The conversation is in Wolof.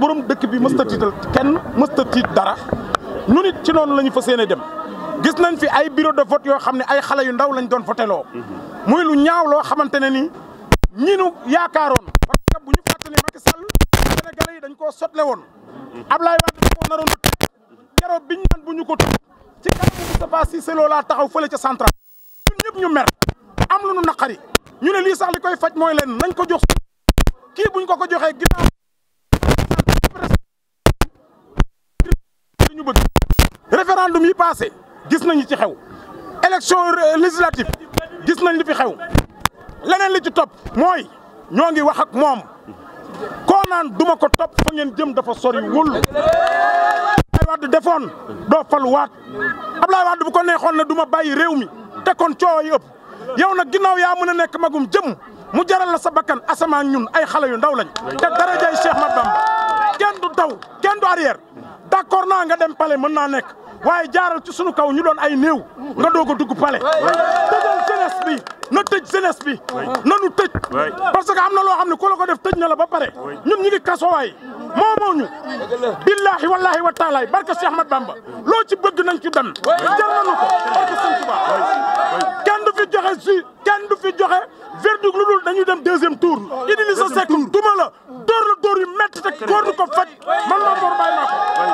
borom dëkk bi mësta tiital kenn mësta tiit dara ñun it ci noonu la ñu fas yéene dem gis nañ fi ay bureau de vote yoo xam ne ay xale yu ndaw lañ doon foteloo muy lu ñaaw loo xamante ne ni ñi nu yaakaaroon parce que bu ñu fàttali Macky Sall Sénégalais yi dañ koo sotle woon Ablaye Wade dañ koo naroon a tëj keroog biñ naan bu ñu ko tëj ci kanamu Moustapha Cissé Lo laa taxaw fële ca central ñun ñëpp ñu mer am lu nu naqari ñu ne lii sax li koy faj mooy leen nañ ko jox buñ ko ko joxee référendum yi passé gis nañu ci xew élection euh, législative gis nañ li fi xew leneen li ci topp mooy ñoo ngi wax ak moom koo naan duma ko topp fa ngeen jëm dafa sori wul Abdoulaye Wade defoon doo faluwaat Abdoulaye Wade bu ko neexoon ne du ma bàyyi réew mi te kon coow yi ëpp yow nag ginnaaw yaa mën a nekk magum jëm mu jaral la sa bakkan asamaan ñun ay xale yu ndaw lañ te darajay Cheikh Mat Bamba kenn du daw kenn du arrière d'accord naa nga dem palais mën naa nekk waaye jaaral ci sunu kaw ñu doon ay néew nga doog a dugg palais tëjal bi na tëj jeunesse bi nanu tëj parce que am na loo xam ne ku la ko def tëj na la ba pare ñun ñu ngi kasowaay moomoo ñu billaahi wallaahi wa taalaay barke Cheikh Ahmad Bamba loo ci bëgg nañ ci dem jar nañu ko barke Sëñ Tuba kenn du fi joxe su kenn du fi joxe verdict lu dul dañuy dem deuxième tour Idrissa Seck duma la dóor la dóor yu métti te góor du ko faj man la Mor bàyyi naa